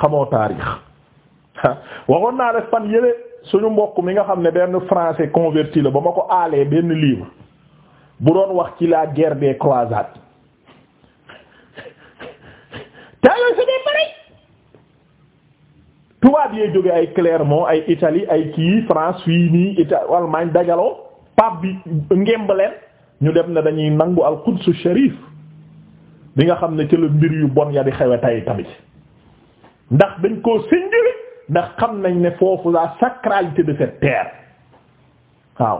xamoo taarix waxoon naa def fan yële suñu mbokk mi nga xam ne benn français converti la ba ma ko alee benn liiw bu doon wax ci laa guerre des croisades te yooyu su dee bari tubaab yee jóge ay Clermont ay Italie ay kii France fii nii Italie Allemagne dajaloo pape bi ngemb leen ñu dem ne dañuy nangu al Quds sharif bi nga xam ne ci la mbir yu bon ya di tamit ndax dañ koo sinjili ndax xam nañ ne foofu la sacralité de cette terre waaw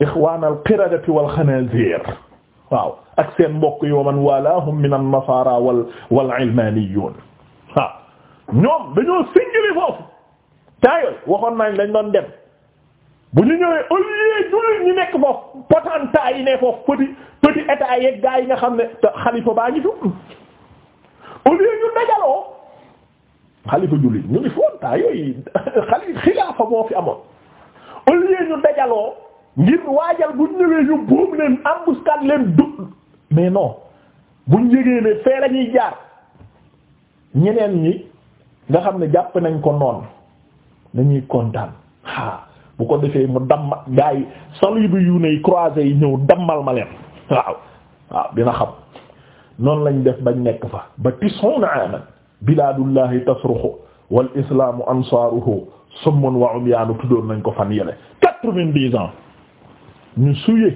ixwaan al qiradati ak seen mbokk yoo man walaahum min al nasara wal wal ilmaniyun waaw ñoom dañoo sinjili foofu taayol waxoon nañ dañ doon dem bu ñu ñëwee au ñu nekk foofu potentat yi ne foofu petit petit état yeeg gaa nga xam ne xalifa baa ngi fi au ñu dajaloo xalifa julli ñu ngi foon temps yooyu xali xilaafa fi amoon au lieu ñu dajaloo ngir waajal buñ ñëwee ñu buum leen embuscade leen du mais non buñ yégee ne fee la jaar ñeneen ñi nga xam ne jàpp nañ ko noonu dañuy kontaan haa bu ko defee mu damma gaa yi salibu yu ne croisé yi ñëw dammal ma leen waaw waaw dina xam noonu lañ def bañ nekk fa ba tisuna aman bilaadullahi tasruxu wal islaamu ansaaruhu summun wa umyaanu tuddoon nañ ko fan yele quatre vingt ñu souiller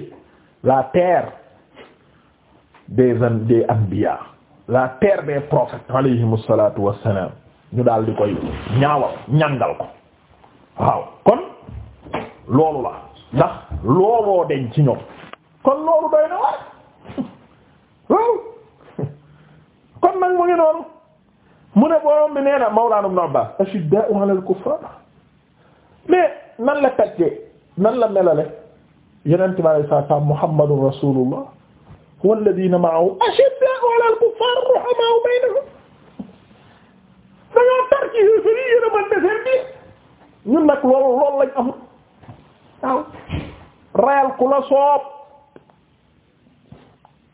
la terre des an des anbiya la terre des prophètes alayhimu salaatu wassalaam ñu daal di koy ñaawal ñàngal ko waaw kon loolu la ndax looloo deñ ci ñoom kon loolu doy na waaw kon nag mu ngi noonu mu ne borom bi nee na Mawlana Ibn Abbas ashidda'u 'ala al-kuffar mais nan la tàggee nan la melale yeneen tubaab yi saa saa Muhammadur Rasulullah walladhina ma'ahu ashidda'u 'ala al-kuffar ruhamaa'u baynahum dañoo tar ci suñu yërëmante seen biir ñun nag loolu loolu lañ am waaw rayal ku la soob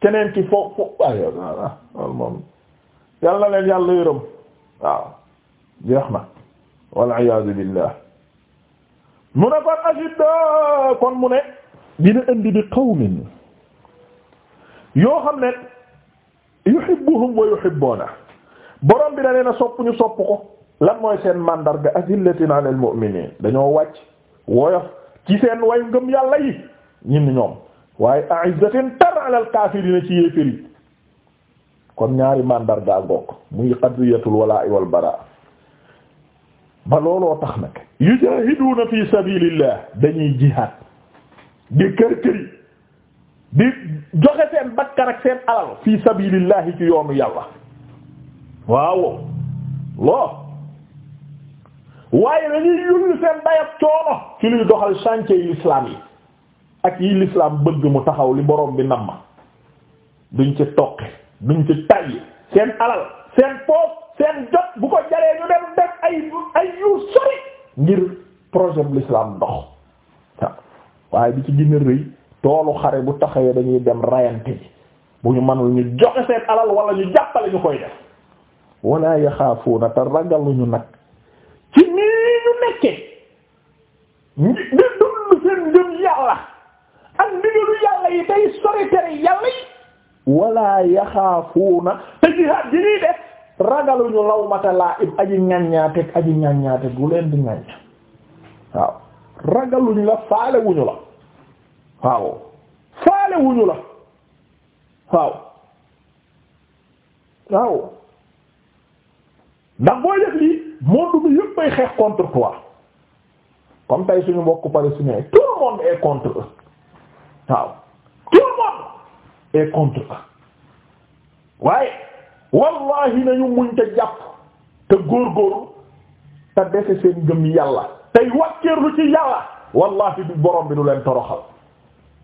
keneen ki foofu waaye waaw waaw moom yàlla na leen yàlla yërëm. waaw jeex na waliyasu billah mu ne kon ashidda kon mu ne dina indi bi qawmin yoo xam ne yuhibbuhum wa yuhibbuna borom bi da leen a sopp ñu sopp ko lan mooy seen mandarga azillatin alal mu'minin dañoo wàcc woyof ci seen way ngëm yàlla yi ñin ñoom waaye a'izzatin tar alal kaafiriina ci yéeféri kon ñaari mandarga gokk muy qadriyatul walaa wal baraa ba looloo tax nag yujaahiduuna fi sabilillah dañuy jihaad di kër këri di joxe seen bakkan ak seen alal fi sabilillahi ci yoonu yàlla waaw loo waaye dañuy yulli seen dayab coono ci luy doxal chantier yi l'islam yi ak yi l'islam bëgg mu taxaw li borom bi nam ma duñ ci toqi duñ ci tàyyi seen alal seen poos seen jot bu ko jaree ñu dem def ay ay yu sori ngir projet bu l'islam ndox waaye bi ci gën rëy toolu xare bu taxawee dañuy dem rayante bi bu ñu manul ñu joxe seen alal wala ñu jàppale ñu koy def wala yaxaafuuna te ragaluñu nag ci nii ñu nekke di dund seen ngëm yàlla ak ndigalu yàlla yi tey sori tere yàlla yi wala yaxaafuuna te jihaad ji ñuy def ragaluñu lawmata laa'im aji ñaññaateeg aji ñaññaateeg bu leen di ñaññ waaw ragaluñu la faalewuñu la waaw faalewuñu la waaw waaw ndax boo def lii monde bi yëpp xeex contre toi comme tey suñu mbokk palestinien tout le monde est contre waaw et contre waaye wallahi nañu muñ te jàpp te góorgóorlu te dese seen gëm yàlla tey wàkkeerlu ci yàlla wallahi du bi du leen toroxal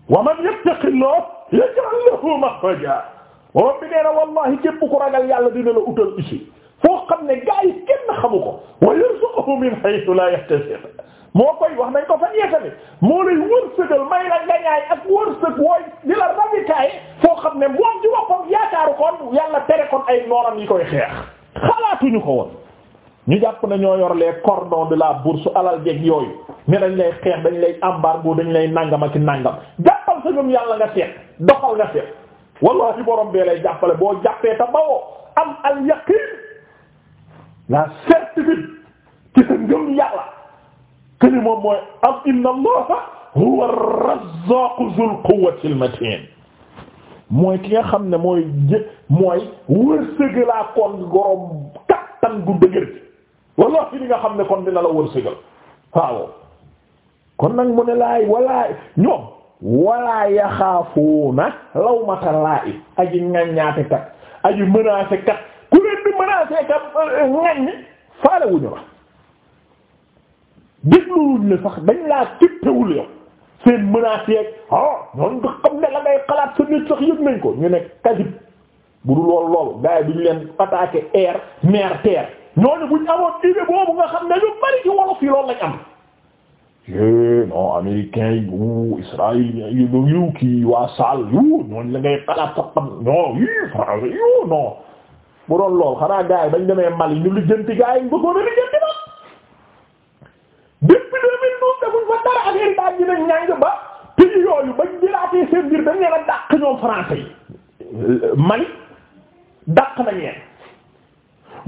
wa man yattaqillah yaj'al lahu makhraja borom bi nee na wallahi képp ku ragal yàlla dina la utal issue foo xam ne gaa yi kenn xamu ko wa yarzuquhu min haythu la yahtasib moo koy wax nañ ko fa yeete ni moo lay wërsëgal may la ngañaay ak wërsëg wooy yàlla tere ay noonam yi koy xeex xalaatuñu ko woon ñu jàpp na ñoo yor les cordons de la bourse alal jeeg yooyu ne dañ lay xeex dañ lay embargo dañ lay nàngam ak nàngam jàppal sa ñoom yàlla nga seet doxal nga seet wallahi borom bee lay jàppale boo jàppee ta bawoo am al yaqin la certitude ci sa ngëm yàlla que ni moom mooy am inna allaha huwa ar-razzaqu dhul quwwati mooy ki nga xam ne mooy jë mooy wërsëgalaa kon gorom kattan gu dëgër walla fi li nga xam ne kon dina la wërsëgal waaw kon nag mu ne laay walla ñoom walla yaxaafuuna lawmata laa'im aji ngaññaate kat aji menacé kat ku leen di menacé kat ngaññ faale wuñu la dégluwuñ la sax dañ laa tippewul yow seen menaces yeeg ah ñooñu nga xam ne la ngay sa nit sax yëg ko ñu ne kasib bu dul loolu loolu gars yi duñu leen attaqué air mer terre ñooñu buñ amoon boobu nga xam ne ñu bari wolof yi loolu lañ am. yee eh, non américains yi ou israéliens yi yu kii waa Sall yu ñooñu la ngay xalaat sax tam yii français yu non bu doon loolu xanaa gars yi bañ demee Mali ñu lijjanti gars yi ñu bëggoon a lijjanti ba. ba dara affaire daal dina ñàng ba pays yooyu ba jëlaatee seen biir dañ leen a dàq ñoom français yi Mali dàq nañ leen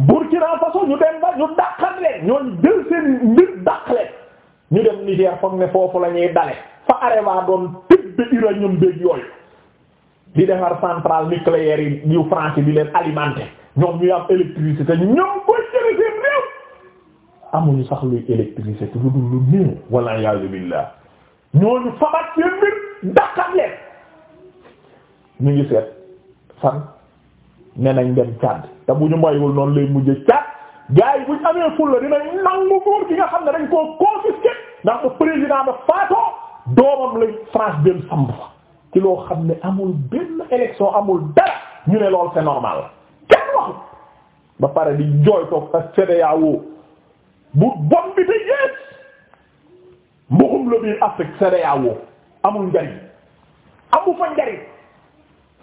Burkina Faso ñu dem ba ñu dàqal leen ñooñu jël seen mbir dàq leen ñu dem Niger foog ne foofu lañuy ñuy dale fa Areva doon tëdd uranium beeg yooyu di defar centrale nucléaire yi yu France bi leen alimenté ñoom ñuy am électricité ñoom ko jëlee seen réew. amuñu sax luy électricité lu dul lu néew walla iyaazu billaah ñooñu fabat seen mbir daqat ñu ngi seet fan ne nañ dem Tchad te bu ñu maywul noonu lay mujje Tchad gars yi bu ñu amee fulla dinañ nangu nguur gi nga xam ne dañ koo confisqué ndax bu président ba faatoo doomam lañ France dem samb fa ci loo xam ne amul benn élection amul dara ñu ne lool c'est normal kenn waxu ba pare di jooy toog ak CEDEAO bu bon bi te yées mbuxum la biir Afrique CEDEAO amul njariñ amu fa njariñ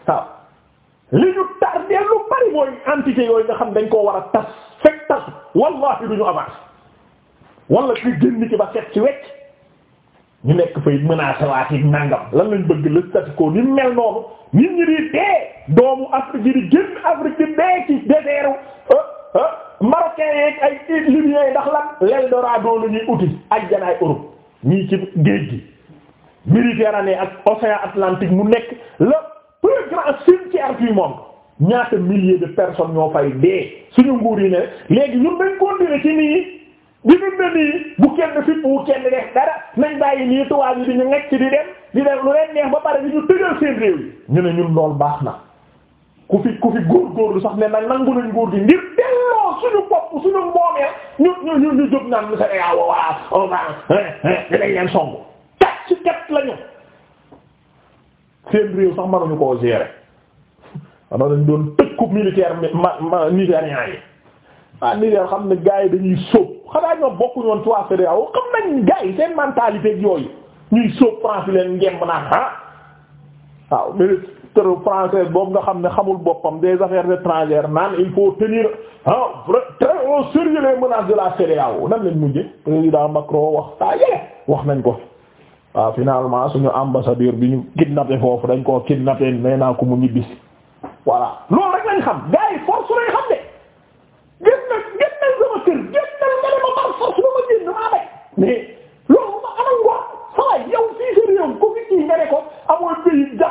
waaw li ñu tardeel lu bari mooy entité yooyu nga xam dañ koo war a tas fekk tas wallahi du ñu avance wala ki génn ci ba set ci wecc ñu nekk fay menacé waat yi nangam lan lañ bëgg le statu ni mel noonu nit ñi di dee doomu Afrique yi di génn Afrique di dee ci désertu marocains yeeg ay libyens ndax lan l'Eldorado la ñuy uti ajjanaay Europe ñii ci géej gi Méditerranée ak océan Atlantique mu nekk le plus grand cimetière du moom ñaata milliers de personnes ñoo fay dee suñu nguur yi ne léegi ñun dañ continuer ci nii di ñu ne nii bu kenn fi bu kenn def dara nañ bàyyi nii tubaab yi di ñu nekk ci di dem di dem lu leen neex ba pare di ñu tëjal seen réew yi ñu ne ñun loolu baax na. ku fi ku fi góorgóorlu sax ne na nangu nañ nguur gi ngir delloo suñu bopp suñu moomeel ñu ñu ñu ñu jóg naan monsieur Diaw waaw on va dinañ leen song kat ci kat lañu seen réew sax mënuñu koo gérer xanaa dañ doon tëkku militaire ma ma nigérian yi ah Niger xam ne gars yi dañuy sóob xanaa xam nañ gars yi seen mentalité ak yooyu ñuy sóob France leen ngemb ah. ministre français boobu nga xam ne xamul boppam des affaires étrangères naan il faut tenir ah très au nan lañ mujje président Macron wax ah, wax nañ ko waaw ah, finalement suñu ambassadeur bi ñu kidnappé foofu dañ koo kidnappé nee naa ko mu ñibbis voilà loolu rek lañ xam gars yi force lañ xam de gën na gën na sama kër gën na nga ne ma par force ba ma génn ko fi kii nga ne ko amoo pays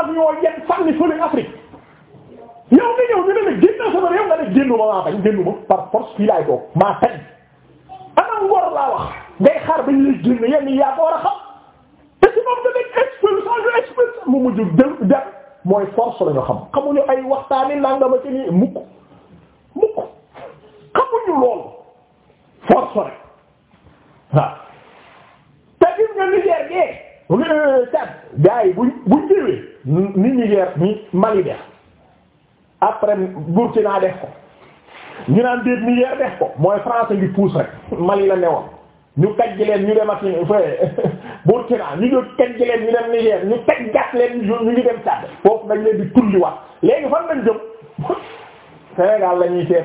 avion yet sànni fële Afrique yow nga ñëw ñu ne la génn sama réew nga ne génnu ma maa bañ génnu ma par force fii laay toog maa tañ ana ngor laa wax ngay xaar bañ lay génn yenn yaa ko war a xam te ci moom da nekk expulsion yu expulsion mu mujj jël jàpp mooy force la ñu xam xamuñu ay waxtaani nangama ci nii mukk mukk xamuñu loolu force rek waaw te gis nga Niger gee Tchad gars yi buñ buñ jëwee ni Niger ni Mali def après Burkina def ko ñu naan déet Niger def ko mooy français ngi pousse rek Mali la newoon ñu kaj leen ñu dem ak Burkina ñu ngi kaj leen ñu dem Niger ñu taj gat leen ñu ngi dem Tchad foofu dañ leen di tulliwaat léegi fan lañ jëm Sénégal la ñuy seet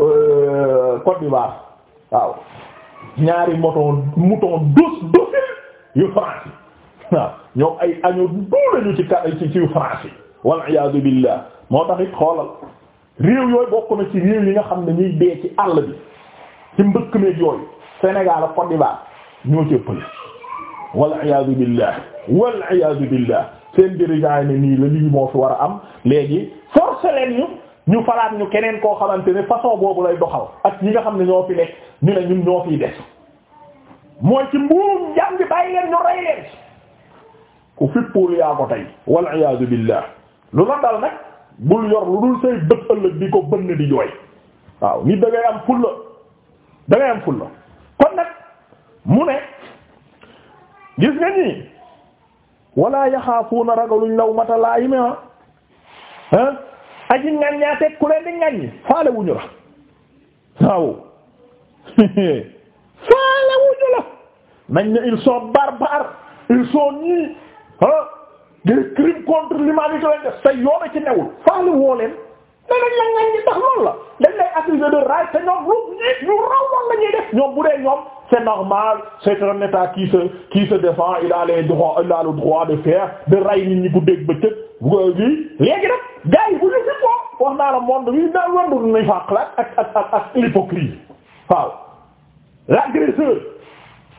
euh, d'Ivoire waaw ñaari moto mouton douce douce yu France waaw ñoom ay año doolañu ci ka ci ci France yi wal iyaadu billah moo tax it xoolal réew yooyu bokk na ci réew yi nga xam ne ñuy dee ci àll bi ci mbëkk meeg yooyu Sénégal ak Côte d'Ivoire ñoo ci ëppale wal iyaadu billah wal iyaadu billah seen dirigeant yi ne nii la lii moo fi war a am léegi forcé leen ñu ñu falaat ñu keneen koo xamante ne façon boobu lay doxal ak ñi nga xam ne ñoo fi nekk ñu ne ñun ñoo fiy des mooy ci mbuum jàmm bi bàyyi leen ñu rey leen ku fippuul yaa ko tey wal iyaadu billah lu la nag bul yor lu dul say bët di ko bënn di jooy waaw nit da am fulla da am fulla kon nag mu ne gis nga ñii wala yaxaafuuna ragaluñ law mata laayima ah aji ngañ ñaa ku leen di ngañ faale wuñu la waaw faale wuñu la nañ ne ils sont barbares ils sont ñii ah des crimes contre l'humanité lañ def say yoon a ci newul faale woo leen mais la ngañ ñi tax loolu la dañ lay de raaj te ñoom lu raw woon la def ñoom bu dee ñoom c'est normal c'est un état qui se qui se défend il a les droits a le droit de faire de ray nit ñi guddeeg bëccëg bi léegi nag bu ñu si ko wax naa monde bi daa wëndu nañ faa ak ak waaw l'agresseur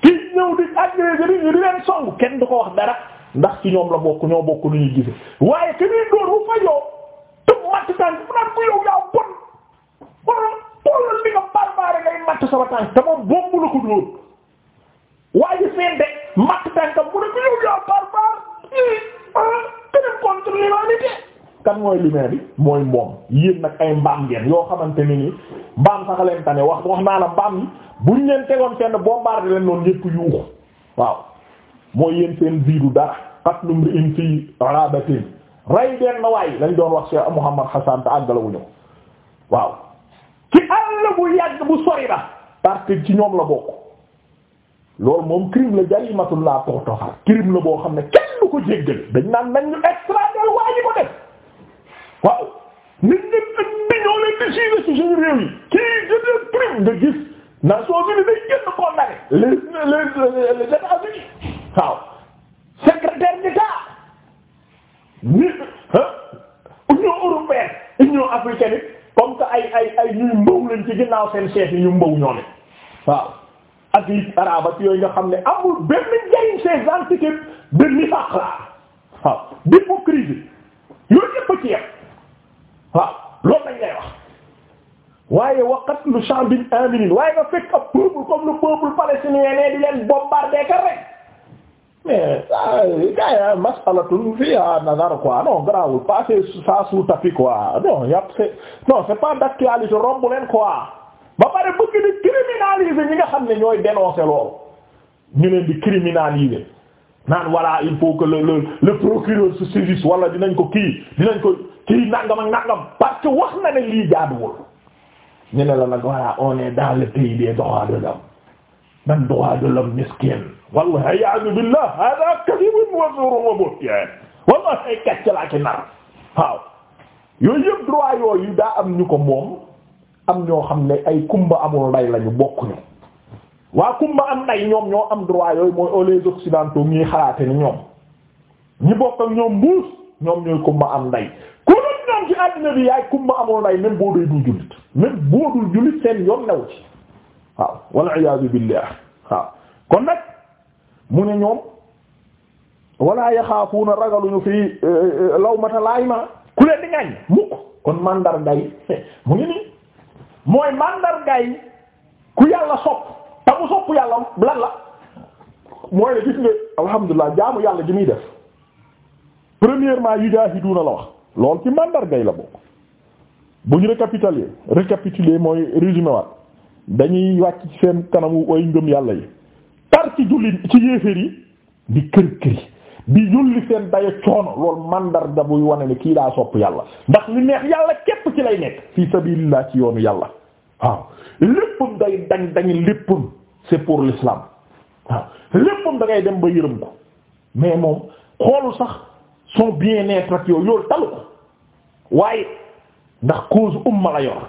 kii ñëw di agresser ñu di leen song kenn du ko wax dara ndax ci ñoom la bokk ñoo bokk lu ñuy gise waaye ke nii dóor bu fajoo tëb matt tànk bu naan ko yow yaa bon wala tollal li nga barbare ngay matt sama tànk te moom bombu la ko dóor waaye seen de matt tànkam bu ah, ne ko mooy lumière bi mooy mbom yéen nag ay mbaam ngeen yoo xamante ni nii mbaam sax leen tane wax wax naa la mbaam yi buñ leen tegoon seen bombardé leen noonu ñépp yuuxu waaw mooy yéen seen vie dara qatlum ri'in fii arabatin rey benn waay lañ doon wax Cheikh Mouhamad Hassan te àggalawuñu waaw ci àll bu yàgg bu sori la parce ci ñoom la bokk loolu moom crime la jarimatul la toxtoxaar crime la boo xam ne kenn ko jéggal dañ naan nañ ñu extrader waa ji ko def waaw nit ñi nit ñoo leen décidé ci suñu réew yi kii jëndee nga gis Nations Unies day génn condamné les les les États-Unis waaw secrétaire d'État ni union européenne union africaine comme que ay ay ay ñuy mbaw lañ ci ginnaaw seen chef yi ñu mbaw ñoo waaw ak yi arab ak yooyu nga xam ne amul benn njariñ ces entités de nifaq la waaw d'hypocrisie yooyu yëpp ci yem waaw loolu lañ lay wax waaye waqat lu shambin aminin waaye nga fekk ab peuple comme le peuple palestinien ne di leen bombarder rek mais ah gars yi ah masalatun fiha nazar quoi non garaawul passer ça sous tapis quoi non y' a c'est non c'est pas d'actualité romb leen quoi ba pare bëgg di criminaliser ñi nga xam ne ñooy dénoncer loolu ñu leen di criminaliser naan voilà il faut que le le le procureur se saisisse wala dinañ ko kii dinañ ko kii nangam ak nangam parce wax na ne lii jaaduwul ñu ne la nag voilà on est dans le pays des droits man dowaado lam miskin wallah ayaadu billah hada kadibun wa zurun wa buhtan wallah ay kàccalaaki nar waaw yooyu yëpp droit yooyu daa am ñu ko moom am ñoo xam ne ay kumba amul nday lañu bokkuñu waa kumba am nday ñoom ñoo am droit yooyu mooy au les occidentaux ñuy xalaate ni ñoom ñi bokk ak ñoom mbuus ñoom ñooy kumba am nday ku dul ñoom ci àddina yaay kumba amul nday même boo dee dul jullit même boo dul jullit seen yoon new ci waaw wal iyaadu billah waaw kon nag mu ne ñoom wala yaxaafuuna ragaluñu fii eh, eh, lawmata laayima ku leen di ngañ mukk kon mandargay mu ngi nii mooy mandargay ku yàlla sopp te mu sopp yàlla lan la mooy ne gis nga alhamdulilah jaamu yàlla ji def premièrement yujaahiduuna la wax lool ci mandargay la bokk bu ñu récapituler récapituler mooy résumé dañuy wàcc ci seen kanamu way ngëm yàlla yi tar ci julli ci yéeféer yi di kër këri di julli seen dayo coono loolu mandarga buy wane ne kii daa sopp yàlla ndax lu neex yàlla képp ci lay nekk fi sabilillah ci yoonu yàlla waaw léppam day dañ dañu léppam c'est pour l'islam waaw léppam da ngay dem ba yërëm ko mais moom xool sax son bien-être ak yooyu yoolu talu ko waaye ndax cause umma la yor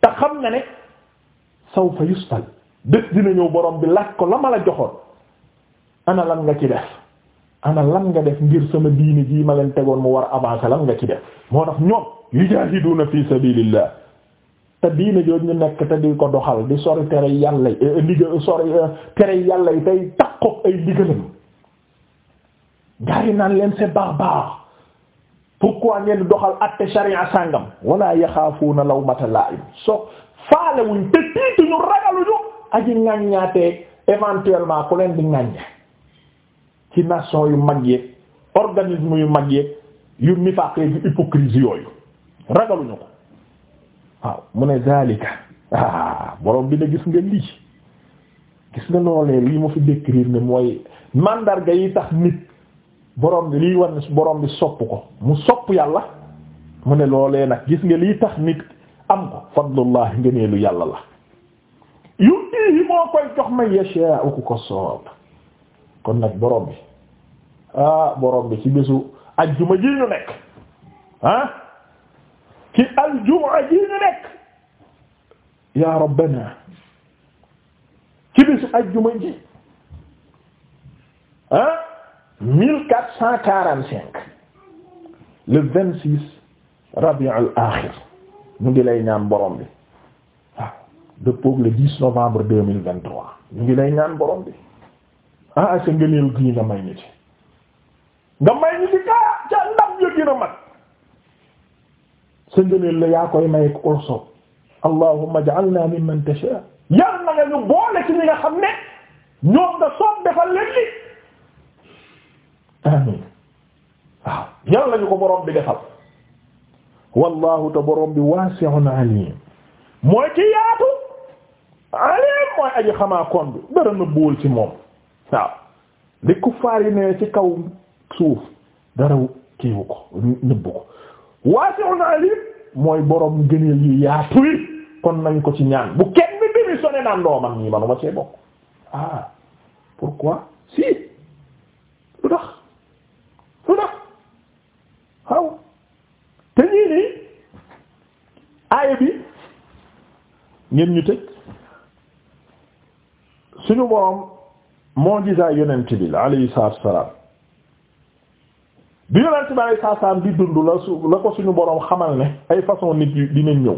te xam na ne sawfa yusal bés dina ñëw borom bi laaj ko la ma la joxoon ana lan nga ci def ana lan nga def ngir sama diini jii ma leen tegoon mu war a avancer lan nga ci def moo tax ñoom yujahiduna fi sabilillah te diine jooju ñu nekk te di ko doxal di sori tere yàlla liga eh, sori eh, tere yàlla yi tey takkook ay liggéeyam gars yi naan leen c'est baax baax pourquoi ngeen doxal atte sharia sàngam wala yaxaafuuna lawmata laa'im so faale wuñ te tiituñu ragaluñu aji ŋàññaatee éventuellement ku leen di ŋàññe ci nation yu mag yeeg organisme yu mag yeeg yu nifaaqee bi hypocrisie yooyu ragaluñu ko waaw mu ne zalika ah bi ne gis nga lii gis nga loolee lii ma fi décrire ne mooy mandarga yi tax nit borom bi liy wan borom bi sopp ko mu sopp yàlla mu ne loolee nag gis nga liy tax nit am ko fadlullah ngëneelu yàlla la yutihi moo koy jox ma yashaa'u ku ko soob kon nag borom bi ah borom bi ci bésu ajjuma ji ñu nekk ah ci aljuma ji ñu nekk ya rabbana ci bésu ajjuma ji ah mille quatre cent le vingt six rabi al ñu ngi lay ñaan borom bi waaw dëppook le novembre ñu ngi lay ñaan borom bi ah sa ngëneel gii nga may ñu ci nga may ñu ci kaa ca ndam ya gën a mag sa ngëneel la yaa koy may ko soob allahumma ja'alna mimman tasha yal na nga ñu boole ci ñi nga xam ne ñoom nga soob defal leen li amin waaw yal nañu ko borom bi defal wallahu te borom bi wasi'un alim mooy ci yaatu alim mooy aji xamaa kon bi dara na ci moom waaw li kuffaar yi ne ci kaw suuf dara kiiwu ko nëbbu ko wasi'un alim mooy borom gëneel yi yaatu yi kon nañ ko ci ñaan bu kenn dimi sone naan doo ñii manuma see bokk ah pourquoi si lu tax su def xaw te ñii nii aaya bi ngeen ñu tëj suñu borom moo gisaa yonent bi la alayhi salaatu salaam bi yonent bi alayhi salaatu salaam di dund la su la ko suñu boroom xamal ne ay façon nit yi dinañ ñëw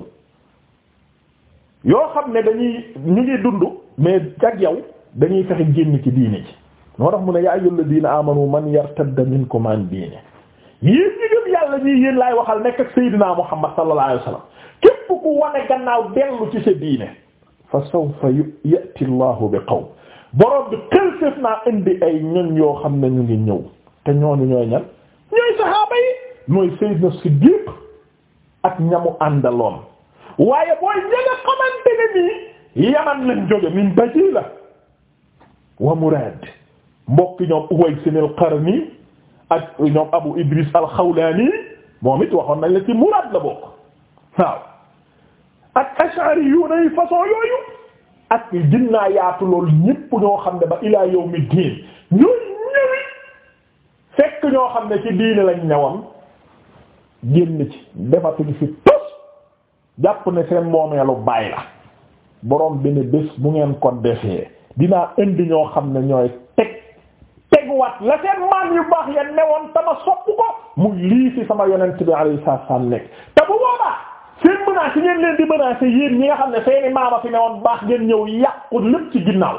yoo xam ne dañuy ñu ngi dund mais ak yow dañuy fexe génn ci diini ci moo tax mu ne yaa ayyuhal ladina amanu man yartadda minkum an diine yéen ñi gëm yàlla ñii yéen laay waxal nekk ak Seydina Muhammad sallallahu alayhi wa sallam képp ku wane gannaaw dellu ci sa diine fa sawfa ya'ti Allahu bi qawm borom bi xelséef naa indi ay ñun yoo xam ne ñu ngi ñëw te ñooñu ñooy ñan ñooy saxaaba yi mooy Seydina Siddiq ak ñamu àndaloon waaye booy ña nga xamante ne nii yaman lañ jóge min Bajila wa Murad mbokki ñoom Uways al Qarni ak ñoom Abu Idris al moom it waxoon nañ la ci Muraad la bokk waaw ak Ash'ari yu nay façon yooyu ak ginnaa yaatu loolu ñépp ñoo xam ne ba ilaa yawmi diin ñooy fekk ñoo xam ne ci diine lañ ñëwam génn ci defatuñu fi tos jàpp ne seen moomeelu baay la borom bi ne bés bu ngeen ko defee dinaa indi ñoo xam ne ñooy waat la seen maam yu baax ya newoon tama sopp ko mu lii fi sama yonent bi alayhi salaam nekk te bu boobaa seen menaces yi ngeen leen di menacer yéen ñi nga xam ne seeni maama fi newoon baax ngeen ñëw yàqu lépp ci ginnaaw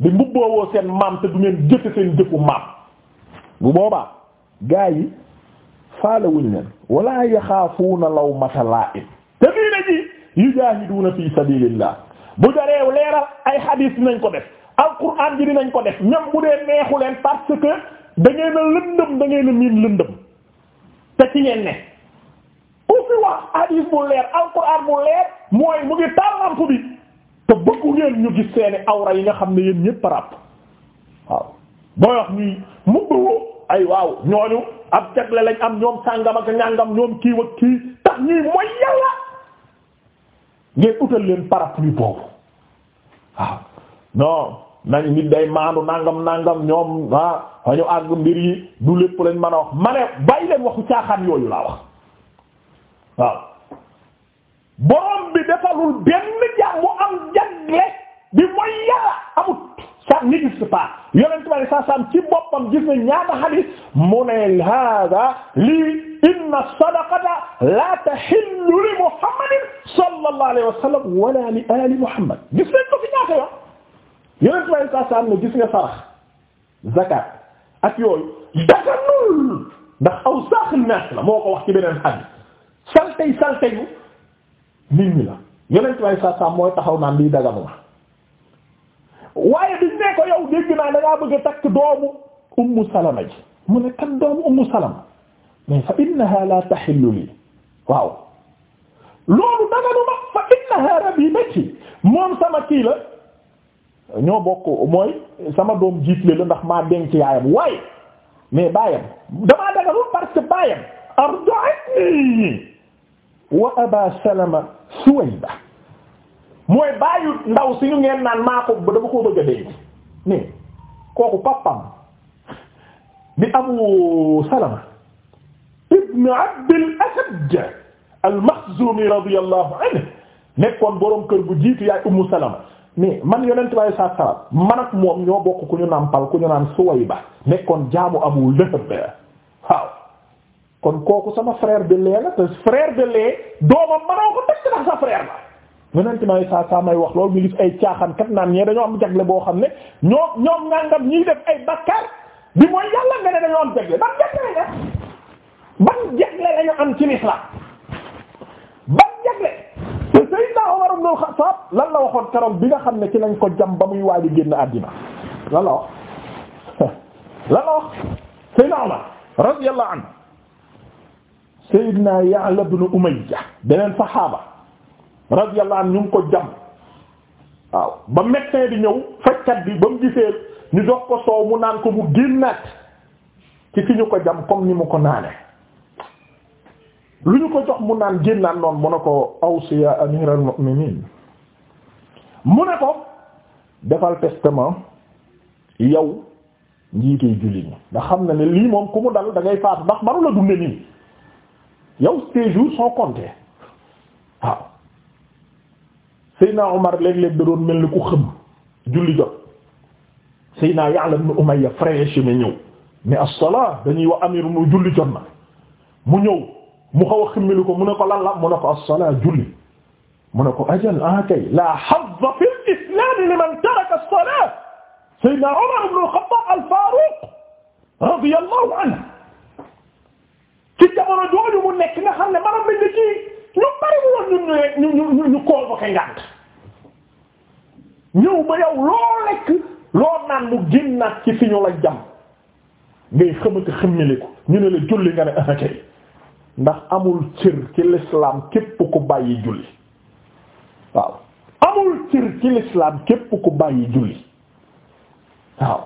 di mbubboowoo seen maam te du ngeen jëfe seen jëfu maam bu boobaa gaa yi faalewuñ leen wala na law matala'im te diine ji yujaahiduna fi sabilillah bu jaree leeral ay hadith nañ ko def alquran bi dinañ ko def ñam bu dee neexu leen parce que da ngeen a lëndëm da ngeen a miin lëndëm te ci ngeen ne ku fi wax hadith bu leer alquran bu leer mooy mu ngi tàllamp bi te bëggu ngeen ñu gis seeni awra yi nga xam ne yéen ñépp ràpp waaw booy wax ñuy mubbu ay waaw ñooñu ab jagle lañ am ñoom sàngama ak ñàngam ñoom kii wa kii tax ñuy mooy yàlla ngeen utal leen parapluie boobu waaw non nañ nit day maandu nangam nangam ñoom ah ñu àgg mbir du lépp lañ wax ma ne bàyyi leen waxu yooyu laa wax waaw bi defalul benn mu am bi mooy amut ça n'existe pas yonent bi saa saam ci boppam gis na mu ne hada lii inna sadaqata la tahillu li muhammadin sallallahu alayhi wa sallam wala li ali muhammad gis nañ ko fi ñaata yoon yonent may saa saa ne gis nga sarax zakat ak yooyu daganul ndax aw salteyu nit ñi la yonent saa saa mooy taxaw naan daganu la waaye bi ne ko yow dégg naa da bëgg a takk doomu ummu salama ji mu ne takk doomu salama mais fa innaha lii waaw loolu daganu ma fa innaha rabibati moom sama kii ñoo bokk mooy sama doom jiitle la ndax maa denc yaayam waaye mais baayam damaa dagalul parce que baayam ardu'atni wa aba salama suwayba mooy baayu ndaw si ngeen naan maa ko dama koo bëgg a denc mais kooku papam bi abu salama ibn abd al-asad al-makhzumi radiyallahu anhu nekkoon boroom kër bu jiit yaay ummu salama mais man yonent bi alayhi salaatu salaam man ak moom ñoo bokk ku ñu nàmpal ku ñu naan Suwayba nekkoon jaamu Abu Lahab waaw kon kooku sama frère de lait la te frère de lait doomam manoo ko teg sa frère la yonent bi alayhi salaatu salaam may wax loolu ñu gis ay caaxaan naan ñee dañoo am jagle boo xam ne ñoo ñoom ngàngam def ay bakkaar bi mooy yàlla nga ne dañoo am jagle ban jagle la jagle lañu am ci l'islam ban jagle Seydina Umar ibn al-Khattab lan la waxoon keroog bi nga xam ne ci lañ ko jam ba muy waaj génn àddina lan la wax lan la wax Seydina Umar radiyallahu anhu Seydina Ya'la ibn Umayya beneen saxaaba radiyallahu anhu ñu ngi ko jam waaw ba médecin bi ñëw fajkat bi ba mu gisee ñu jox ko soow mu naan ko mu génnaat ci fi ñu ko jam comme ni mu ko naane lu ñu ko jox mu naan génnaan noonu mu ne ko awsiya amiral mu'minin mu ne ko defal testament yow njiitee julli ñi ndax xam na ne lii moom ku mu dal da ngay faatu ndax manu la dunde nii yow tes jours sont comptés waaw Seydina Omar léeg-léeg da doon mel ni ku xëm julli jot Seydina Ya'la ibn Umayya fraîche ne ñëw ne as-salat dañuy wax amir mu julli jot na mu ñëw mu xaw a ximmili ko mu ne ko lan la mu ne ko as-salaa julli mu ne ko ajal ah kay la hazza fil islam liman taraka as-salaa sayyidina Umar ibn al-Khattab al-Faaruq radiyallahu anhu ci jamono jooju mu nekk nga xam ne maram nañ da ci ñu bari mu woon ñu ñu ñu ñu kool ba koy ngànt ñëw ba yow loo lekk loo naan mu génnaat ci fi ñu la jam ngay xamante ximmili ko ñu ne la julli nga ne ah kay ndax amul cër ci l'islam képp ku bàyyi julli waaw amul cër ci l'islam képp ku bàyyi julli waaw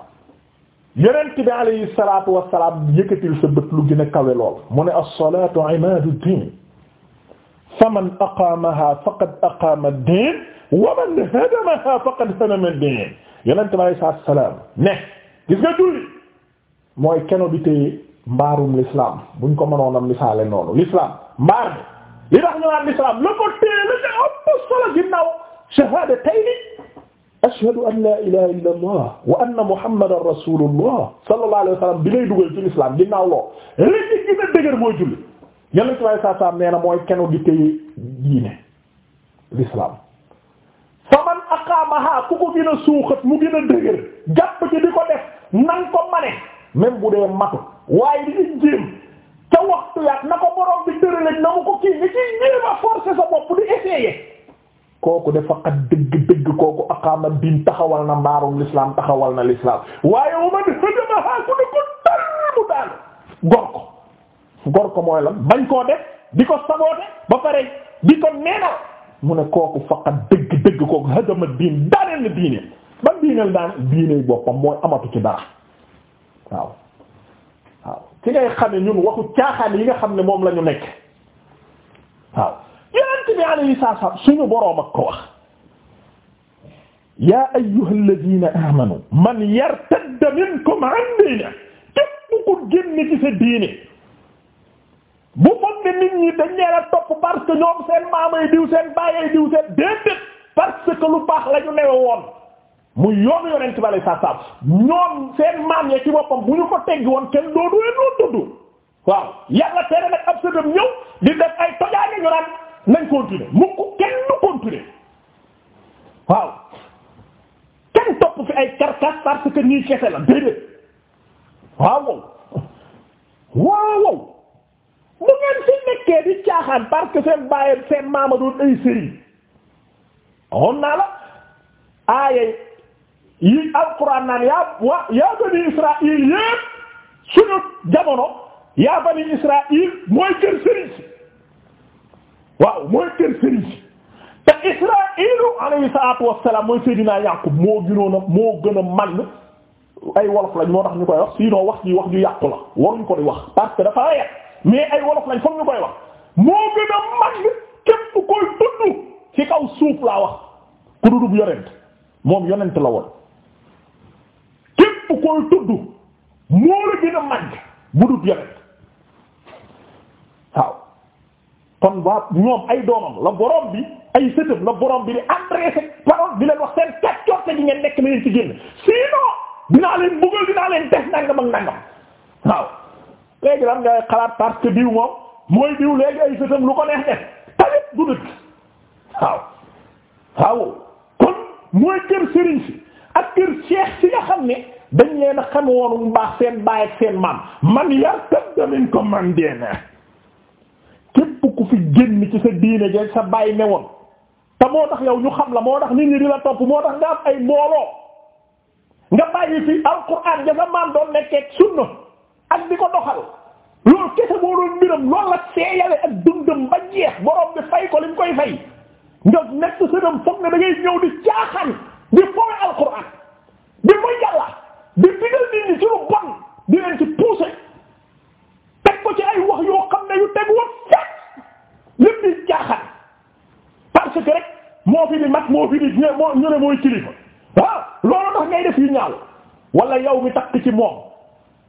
yonent bi alayhi salaatu wassalaam yëkkatil sa bët lu gën a kawe lool mu ne as-salaatu imaadu diin faman aqaamaha faqad aqaama diin wa man hadamaha faqad hadama diin yonent bi alayhi salaatu wassalaam ne gis nga julli mooy keno bi téye mbaarum l'islam buñ ko mënoon a misaale noonu l'islam mbaar bi li tax ñu naan l'islam la ko téye la ca ëpp solo ginnaaw shahadatayni ashhadu an la ilaha illa allah wa anna muhammadan rasulullah sallallahu wa sallam bi lay dugal ci l'islam ginnaaw loo li ci gën a dëgër mooy julli yàlla ci waaye saa saa nee na mooy kenu di téye diine l'islam faman aqamaha ku ko gën a suuxat mu gën a dëgër jàpp ci di ko def nan ko mane même bu dee matu waaye di ci jéem ca waxtu yaat na ko borom bi tërale na mu ko kii nga ciy jéem a forcer sa bopp di essayer kooku de faqat dëgg-dëgg kooku aqaama diin taxawal na mbaarum l'islam taxawal na l'islam waaye wu ma dama xaaku ne ko dal mu daal gor ko gor ko mooy lan bañ koo def di ko saboote ba pare di ko neenal mu ne kooku faqat dëgg-dëgg kooku hadama diin daaneel na diine ba diineel daan diiney boppam mooy amatu ci dara waaw ci ngay xame ñun waxu caaxaan yi nga xam ne moom lañu ñu nekk waaw yonent bi alayhi salaam suñu boroom ko wax yaa ayyuhal ladina amanu man yartadda minkum an diine képp ku génn ci diine bu foog ne nit ñi dañ leen a topp parce ñoom seen maamay diw seen baayay diw seen déedéet parce que lu baax la ñu newe woon mu yoonu yonent bi alay saab saab ñoom seen maam ya ci boppam bu ñu ko tegg woon kenn doodu leen loolu tudd waaw yàlla tere nag ab sëtam ñëw di def ay tojaane ñu naan nañ continuer mu ko kenn du continuer waaw kenn topp fi ay carcasse parce que nii kese la déedéet waaw wow waaw wow bu ngeen fi nekkee di caaxaan parce seen bàyyi seen maama doon ay sëriñ on naa la aayay yi alquran naan yaa wa yaa bani israil yépp suñu jamono yaa bani israil mooy kër sëriñ si waaw mooy kër wassalaam mooy seydinaa yaqub moo gënoon moo gën a mag ay wolof lañ moo tax ñu koy wax sinon wax ji wax ju yàqu la waruñ ko di wax parce que dafa yàq mais ay wolof lañ foog ñu koy wax moo gën a mag képp koy tudd ci kaw suuf laa wax ku dudub yonent moom yonent la woon koy tudd moo la gën a màgg bu dut yonent waaw kon waa ñoom ay doomam la borom bi ay sëtëm la borom bi di adressé parole di leen wax seen kat corte gi ngeen nekk na leen ci génn sinon dinaa leen buggal dinaa leen def nangam ak nangam waaw léegi lan ngay xalaat parce que diw moom mooy diw léegi ay sëtëm lu ko neex def tamit du waaw waaw kon mooy kër sëriñ si ak kër seex si nga xam ne dañ leen a xam woonu mu baax seen baay ak seen maam man yartadda minkum man diinihi képp ku fi génn ci sa diine ja sa baay ne woon te moo tax yow ñu xam la moo tax nit ñi di la topp moo tax nga am ay mbooloo nga bàyyi fi alquran ja sa maam doon nekkee sunna ak di ko doxal loolu kese boo doon mbiram loolu la seeyale ak dundam ba jeex borom bi fay ko li mu koy fay nga nekk sënam foog ne da ñëw di caaxaan di foowe alquran di mooy yàlla di digal nit ñi ci lu bon di leen ci pousser teg ko ci ay wax yoo xam ne yu teg woon fekk lépp jaaxal parce que rek moo fi di mag moo fi di moo ñu ne mooy kilifa loolu tax ngay def yu ñaaw wala yow mi takk ci moom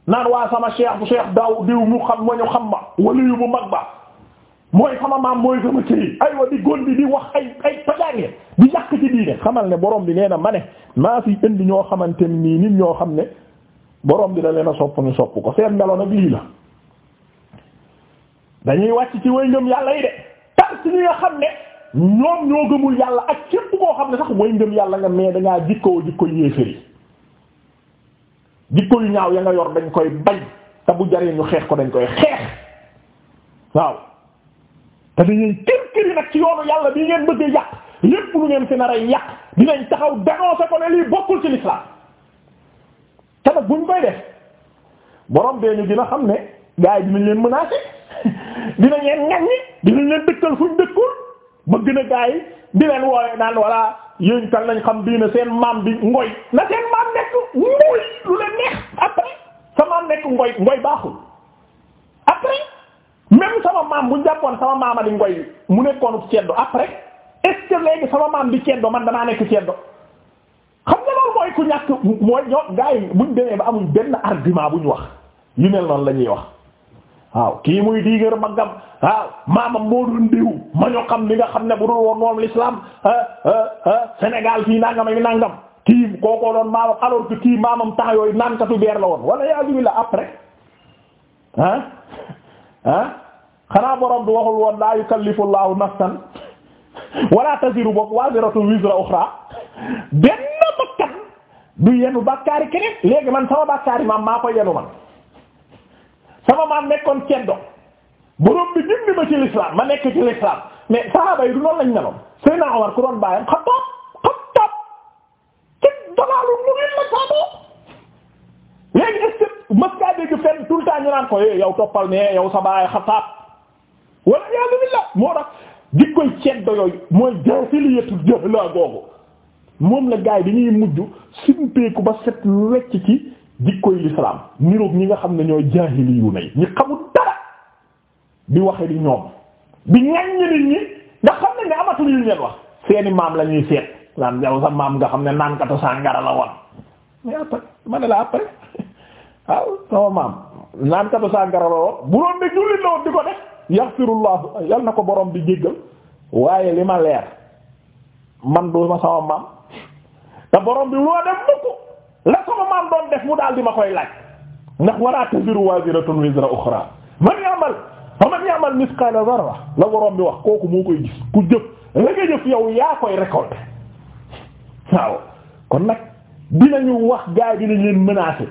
naan waa sama cheikh bu cheikh daaw diw mu xam ma ñu xam ma wala yu mu mag ba. mooy sama maam mooy sama kii aywa di gondi di wax ay ay pajaange di yàq ci diine xamal ne boroom bi nee na ma ne maa fi indi ñoo xamante nii nit ñoo xam ne borom bi da leen a sopp ñu sopp ko seen melo nag lii la dañuy wàcc ci way ngëm yàlla yi de tar ci ñi nga xam ne ñoom ñoo gëmul yàlla ak képp koo xam ne sax way yàlla nga mais dangaa jikkoo jikko yéefér yi jikko yu ñaaw ya nga yor dañ koy bañ te bu jaree ñu xeex ko dañ koy xeex waaw te dañuy kër kër yi nag ci yoonu yàlla bi ngeen bëggee yàq lépp lu ngeen fi nar yàq dinañ taxaw dénoncer ko ne lii bokkul ci l'islam te nag buñ koy def borom bee ñu dina xam ne gars yi dinañ leen menacer dinañ leen ŋaññi dinañ leen dëkkal fuñ dëkkul bëgg na gars yi di leen woowe naan walla yéen kan lañ xam diina seen maam bi ngoy na seen maam nekk ngoy lu leen neex après sa maam nekk ngoy ngoy baaxul même sama maam bu ñu jàppoon sama maama di ngoy mu nekkoon ceddo après est-ce que léegi sama maam bi ceddo man damaa nekk ceddo xam nga loolu mooy ku ñàkk mooy ñoo gars yi buñ ba amuñ benn argument bu ñu wax yu mel noonu la ñuy wax waaw kii muy diigër maggam waaw maamam moo doon diw ma ñoo xam li nga xam ne bu dul woon moom l'islam ah, ah, ah, Sénégal fii nangam ak nangam kii kookoo doon maamam alors que kii maamam temps yooyu naan katu beer la woon wala yaa la après ah ah xanaa borom bi waxul woon laa yukallifu llaahu nafsan wala taziru bopp waziratun wizra uxra benn bakkan du yenu bàkkaari keneen léegi man sama bàkkaari maam maa ko yenu man sama maam nekkoon ceddo borom bi gindi ma ci l'islam ma nekk ci l'islam mais sahaaba yi du noonu lañ meloon Seydina Omar ku doon bàyyam Xattaab Xattaab ci dalaalu mu ngi la saatoo léegi est-ce que mas ka ñu naan ko eh, yow toppal ne yow sa baay wala yaa billah moo tax di koy ceddo yooyu mooy jaahiliyatu jaahila googu moom la gaay ñi nga xam ne ñooy jaahili yu nay ñi di waxe di ñoom bi wax seeni maam la ñuy seet naan yow sa nga xam ne naankatu sàngara la woon waaw sama maam naankatu sàngara la woon bu doon ne jullit la woon di ko def yaxfirullah yal na ko boroom bi jéggal waaye li ma leer man du ma sama maam te borom bi loo def mukk la sama maam doon def mu daal di ma koy laaj ndax wala taziru waziratun wizra ukhra man ya'mal fa man ya'mal misqala dharra la borom bi wax kooku moo koy gis ku jëf la nga jëf yow yaa koy récolter waaw kon nag dinañu wax gaay dinañ leen menacer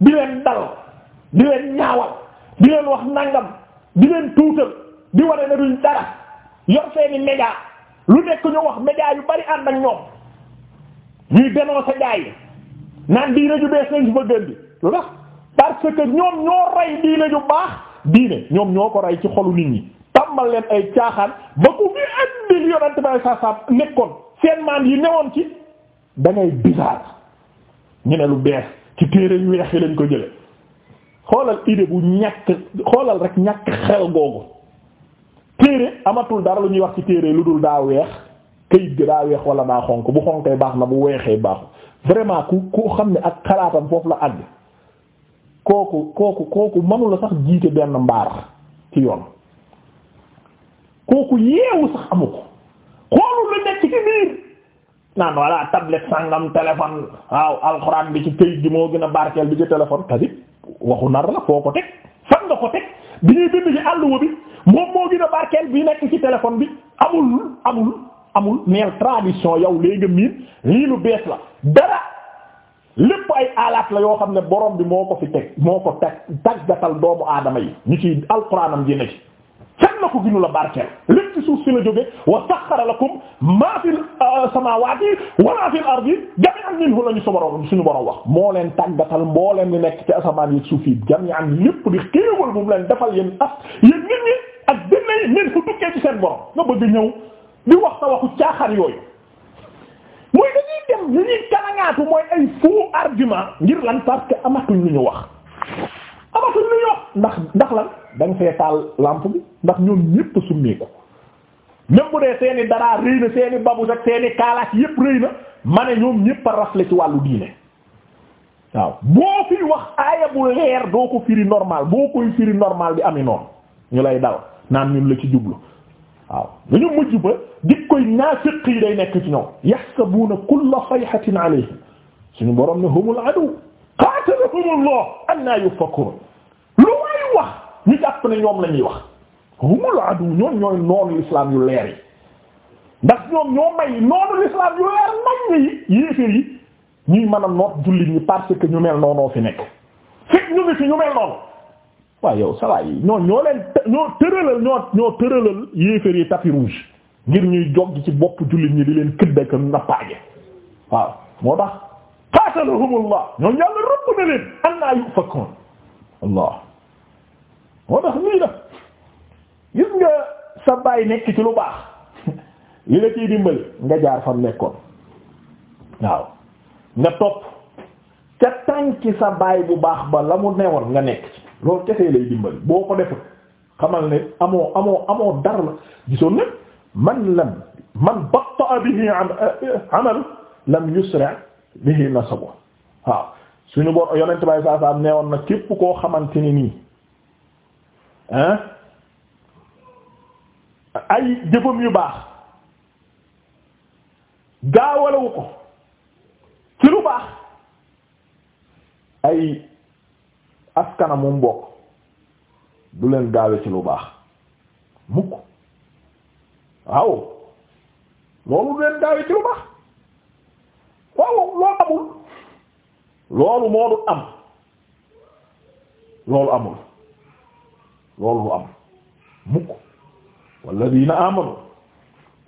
di leen ñaawal di wax nangam. di leen tuutal di wane ne duñ dara yor seeni média lu nekk ñu wax média yu bari ànd ak ñoom ñuy dénoncer gaa yi naan diine ju bees lañ si bëggan di lu tax parce que ñoom ñoo rey diine ju baax diine ñoom ñoo ko rey ci xolu nit ñi tàmbal leen ay caaxaan ba ku fi andil yonent bay sa sa nekkoon seen maam yi newoon ci da ngay bizarre ñu ne lu bees ci téere weex yi lañ ko jële xoolal idée bu ñàkk xoolal rek ñàkk xel googu téere amatul dara lu ñuy wax ci téere lu dul daa weex kayit gi daa weex wala daa xonk bu xonkee baax na bu weexee baax vraiment ku koo xam ne ak xalaatam foofu la àgg kooku kooku kooku manula sax jiite benn mbaar ci yoon kooku yeewu sax amu ko xoolul lu nekk ci biir naan voilà tablette sangam téléphone waaw alxuraan bi ci kayit gi moo gën a barkeel bi ci téléphone tamit. waxu nar la foo ko teg fan nga ko teg bi ñuy bind ci àlluwa bi moom moo gën a barkeel bi nekk ci téléphone bi amul amul amul neel tradition yow léegi miin lii lu bees la dara lépp ay alaat la yoo xam ne borom bi moo ko fi teg moo ko teg tàggatal doomu aadama yi ñu ci alxuraanam ji na ci dara la barkeel lépp ci suuf la jóge wa saxara lakum maa fil euh, samaawaati wa maa fil ardi jami'an minhu la ñu sa borom suñu borom wax moo leen tàggatal moo leen nekk ci asamaan yi suuf yi jami'an lépp di xéewal bu mu leen defal yéen as yéen nit ñi ak dina yi min fu tukkee ci seen borom nga bëgg ñëw di wax sa waxu caaxar yooyu mooy dañuy dem li ñuy kalaŋaatu mooy ay faux argument ngir lan parce que amatuñ lu ñu wax ndax ndax la da nga fee taal lampe bi ndax ñoom ñépp summi ko même bu dee seeni daraa rëy na seeni babus ak seeni kaalaas yépp rëy na ma ne ñoom ñépp rafle ci wàllu diine waaw boo fi wax aaya bu leer doo ko firi normal boo koy firi normal bi ami noonu ñu lay dal naan ñun la ci jublu waaw dañu mujj ba di koy naafiq yi day nekk ci ñoom yahsabuna kulla sayhatin alayhim suñu borom ne humul adu qaatalahumullah anna yufakun lu may wax ñu jàpp ne ñoom la wax humul adu ñoom ñooy noonu l'islam yu leer yi ndax ñoom ñoo may noonu l'islam yu leer nañ yi yéeféer yi ñuy mën a noot jullit ñi parce que ñu mel noonoo fi nekk fekk ñu mel noonu waaw yow ça va yi ñoo ñoo leen ñoo tëralal ñoo ñoo yéeféer yi tapis rouge ngir ñuy jog ci bopp jullit ñi di leen këdd ak nappaage waaw moo tax qaatalahumullah ñoom yàlla rëbb na leen annaa yufakoon allah moo tax lii la gis nga sa baay nekk ci lu baax li la ciy dimbali nga jaar fam nekkoon waaw nga topp ca tànki sa baay bu baax ba la mu newoon nga nekk ci loolu kese lay dimbali boo ko defut xamal ne amoo amoo amoo dara la gisoon ne man lam man batta bihi amal lam yusra bihi nasabu waaw suñu bor yonent bay saa saa nee woon na képp koo xamante ne nii hein ay jëfam yu baax gaawalewu ko ci lu baax ay askana mu mbokk du leen gaawe ci lu baax mukk waaw loolu du leen gaawe ci lu baax waaw loolu amul loolu moo dul am loolu amul loolu du am mukk walladina amanu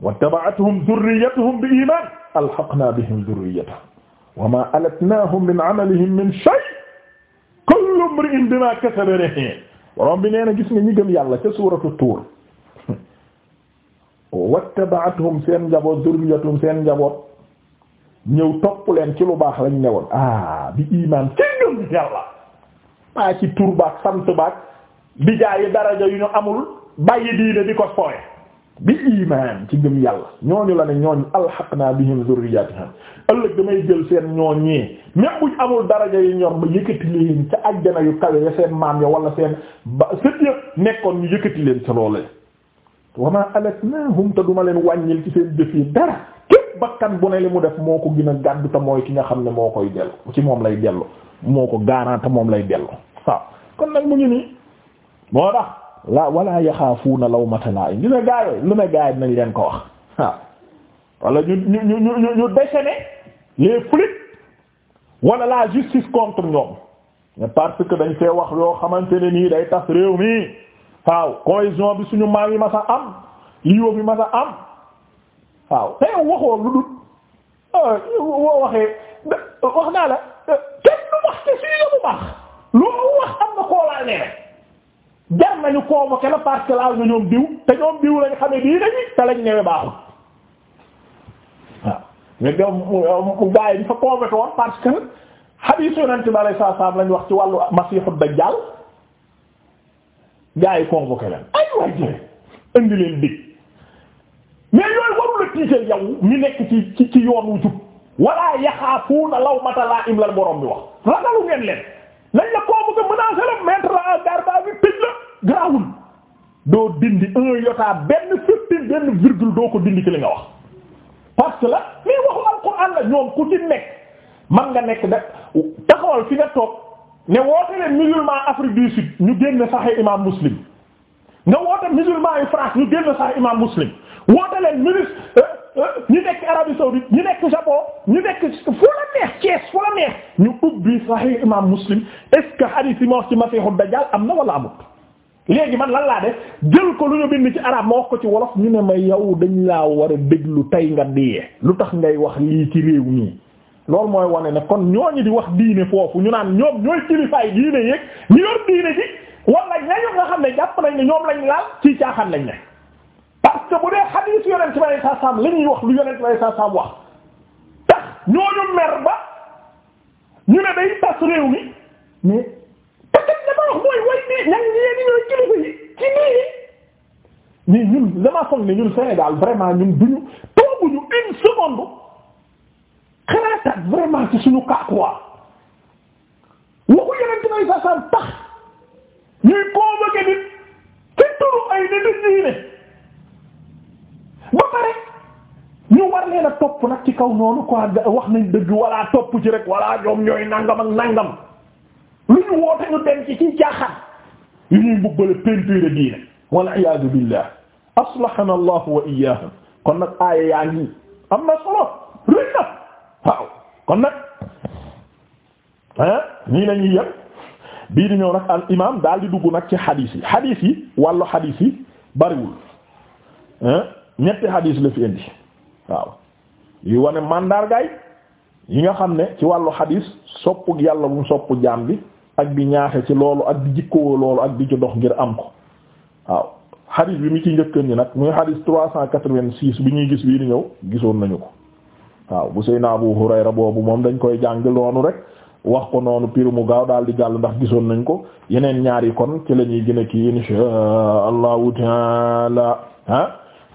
wattaba'athum dhurriyyatuhum bi iman alhaqna bihim dhurriyyatahum wama alatnahum min amalihim min shay kullu imri'in bima kasaba rahin borom bi nee na gis nga ñi gëm yàlla ca suuratu tuur wattaba'athum seen njaboot dhurriyyatuhum seen njaboot ñëw topp leen ci lu baax lañ newoon ah bi iman ci ngëm yàlla maa ci tur baak sant baak di jaayi daraja yu ñu amul bàyyi diine di ko soowe bi iman ci ngëm yàlla ñooñu la ne ñooñ alhaqna bihim zurriyatihim ëllëg damay jël seen ñooñee même buñ amul daraja yu ñor ma yëkkati leen ca ajjana yu kawe ya seen maam ya wala seen ba sët yëpp nekkoon ñu yëkkati leen ca loolee wama alatnahum te duma leen wàññil ci seen jëf yi dara bakkan bu ne li mu def moo ko gën a gàddu te mooy ki nga xam ne moo koy dellu ci moom lay dellu moo ko gaaraan moom lay dellu waaw kon nag mu ngi nii moo tax la wala yaxaafuuna lawmata laa'im gis nga gaa yooyu lu ne gaa yi nañ leen ko wax waaw wala ñu ñu ñu ñu ñu déchaîner les flics wala la justice contre ñoom mais parce que dañ fee wax yoo xamante ne nii day tas réew mi waaw cohésion bi suñu maam yi ma sa am yiwo bi ma sa am. waaw te yow waxoo lu dul euh, woo waxee wax naa la euh, kenn du wax ci suñu bu baax loolu wax am na koo laal nee jar nañu convoquer la parce que laal na ñoom diw te ñoom diw lañ xamee bii dañuy te lañ newe baaxul waaw mais ñoom euh, gars yi dafa convoquer woon parce que hadiisu Yonent bi sallallahu alayhi wasallam lañ wax ci wàllu Masiixu Dajjaal gars yi convoquer leen ay waay jëlee indi leen dig. mais yooyu waru la tiital yow ñu nekk ci ci ci yoonu jub wala yaxaafuuna lawmata laa'im la borom bi wax ragalu ngeen leen lañ la koo bëgg a menacé la mettre la en garde à vue tëj la garaawul doo dindi un iota benn fifteen benn virgule doo ko dindi ci li nga wax parce que la mii waxu alquran la ñoom ku ci nekk man nga nekk da taxawal fi nga toog ne woote leen musulman Afrique du Sud ñu génn saxe imam muslim nga woote musulman yu France ñu génn woote leen ministre euh, euh, ñu nekk Arabie saoudite ñu nekk Japon ñu nekk fu la neex Thiès fu la neex ñu ubbi Sahih imam Muslim est-ce que hadith ma wax ci Masiihu Dajjal am na wala amut léegi man lan laa def jël ko lu ñu bind ci arab ma wax ko ci wolof ñu ne ma yow dañ laa war a déglu tey nga diyee lu tax ngay wax lii ci réew mi loolu mooy wane ne kon ñoo ñooñu di wax diine foofu ñu naan ñoom ñooy kilifaay diine yeeg ñu yor diine ji wala ñañu nga xam ne jàpp nañ ne ñoom lañ laal ci caaxaan lañ ne parce que bu dee xadiis yonent bi sallallahu alayhi wasallam la ñuy wax lu yonent bi sallallahu alayhi wasallam wax tax ñooñu mer ba ñu ne day tas réew mi mais peut-être dama wax mooy way nii ñan ñee ni ñooy kilifa yi ci nii nii ñun dama foog ne ñun Sénégal vraiment ñun duñu tooguñu une seconde xalaatat vraiment ci suñu cas quoi waxu yonent bi sallallahu alayhi wasallam tax ñuy convoquer nit ci turu ay nit diine ba pare war leen a topp nag ci kaw noonu quoi wax nañ dëgg walla topp ci rek walla ñoom ñooy nangam ak nangam lu ñu woote ñu dem ci ci jaaxal yu ñuy mbubbale peinture diine wal iyaadu billah aslahana allah wa iyyahum kon nag aaya yaa ngi am na solo rëy na kon nag ah ñii la ñuy yëpp bii di ñëw nag al imam daal di dugg nag ci xadiis yi xadiis yi wàllu bariwul ñetti hadis la fi indi waaw yi wane mandargaay yi nga xam ne ci wàllu hadis soppu yàlla bu mu soppu jaam bi ak bi ñaaxe ci loolu ak di jikkoo loolu ak di ci dox ngir am ko waaw hadis bi mu ci njëkkan ñi nag muy hadis trois cent quatre-vingt-six bi ñuy gis bii di ñëw gisoon nañu ko waaw bu seyna Abu Hurayra boobu moom dañ koy jàng noonu rek wax ko noonu pir mu gaaw daal di jàll ndax gisoon nañ ko yeneen ñaari kon ci la ñuy gën a kii insha allahu taala ah.